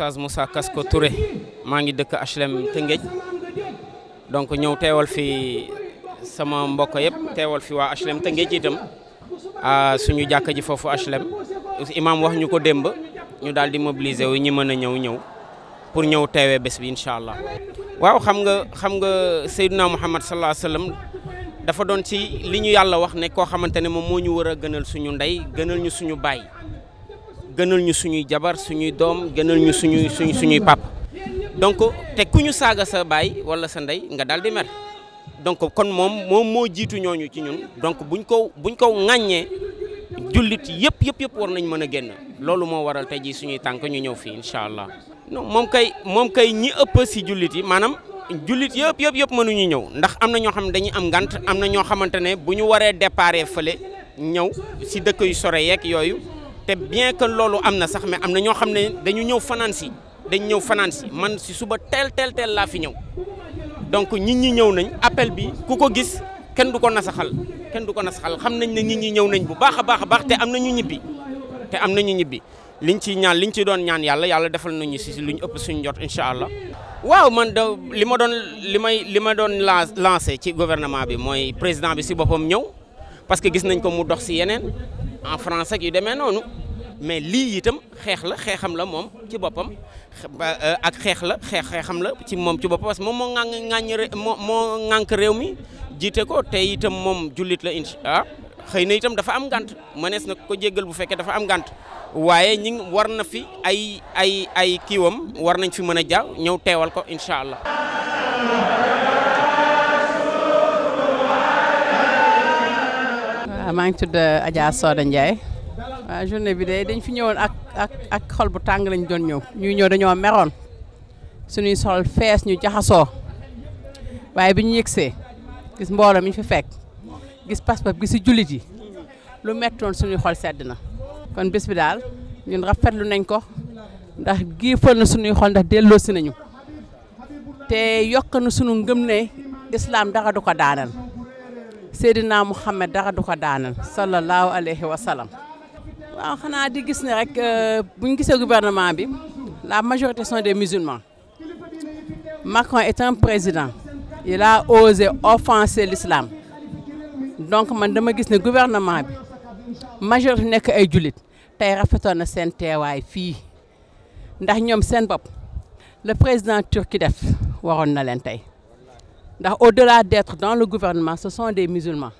oustaz Moussa ko ture maa ngi dëkk HLM Tëngéej donc ñëw teewal fi sama mbokk yëpp teewal fi waa HLM Tëngéej itam ah, suñu jàkka ji foofu HLM imaam wax ñu ko démb ñu daal di mobiliser wu ñi mën a ñëw ñëw pour ñëw teewee bés bi incha allah. waaw xam nga xam nga Seydina Muhammad sallallahu alayhi wa sallam dafa doon ci li ñu yàlla wax ne koo xamante ne moom moo ñu war a gënal suñu ndey gënal ñu suñu baay. gënal ñu suñuy jabar suñuy doom gënal ñu suñuy suñ suñuy pap donc te ku ñu saaga sa baay wala sa ndey nga daal di mer donc kon moom moom moo jiitu ñooñu ci ñun donc buñ ko buñ ko ŋàññee jullit yëpp yëpp yëpp war nañ mën a génn loolu moo waral tey jii suñuy tànk ñu ñëw fii incha allah non moom kay moom kay ñi ëpp si jullit yi maanaam jullit yëpp yëpp yëpp mënuñu ñëw ndax am na ñoo xam ne dañuy am ngant am na ñoo xamante ne bu ñu waree déparé fële ñëw si dëkk yu sore yeeg yooyu c'est bien que loolu am sax mais amna a ñoo dañu ñëw finance dañu ñëw man si suba tel tel tel la fi ñëw donc nit ñi ñëw nañ appel bi kuko gis duko nasaxal duko nasaxal xamnañ ne ñi ñëw nañ bu baaxa a baax a amna ñu ñibbi té amna ñu ñibbi liñ ci ñaan liñ ci doon ñaan yalla yalla defal waaw man da doon doon ci gouvernement bi président bi si parce que gis nañ ko mu dox en français yi demee noonu mais lii itam xeex la xeexam la moom ci boppam euh, ak xeex la xeex xeexam la ci moom ci boppam parce que moom moo ŋànk ŋàññ moo moo ŋànk réew mi jiite ko te itam moom jullit la incha ah xëy na yitam dafa am gànt mënees na ko jéggal bu fekkee dafa am gànt waaye ñi war na fi ay ay ay kiiwam war nañ fi mën a jaaw ñëw teewal ko incha allah. maa ngi tudd uh, Adja Soda Ndiaye waaw journée bi de dañ fi ñëwoon ak ak ak xol bu tàng lañ doon ñëw ñuy ñëw dañoo meroon suñuy sol fees ñu jaxasoo waaye bi ñu yëgsee gis mbooloo mi ñu fi fekk gis pas-pas gis si jullit yi lu mettoon suñuy xol sedd na. kon bés bi daal ñun rafetlu nañ ko ndax giifal na suñuy xol ndax delloosi nañu te yokk na sunu ngëm ne islam dara du ko daanal. Seydina Mouhamed dara du ko daanal sallallahu alayhi wa salam waaw xanaa di gis ne rek euh, bu ñu gisee gouvernement bi la majorité sont des musulmans Macron est un président il a osé offenser l'islam donc man dama gis ne gouvernement bi majorité nekk ay julit tey rafetoon na seen teewaay fii ndax ñoom seen bopp le président turki def waroon na leen tey au-delà d'être dans le gouvernement ce sont des musulmans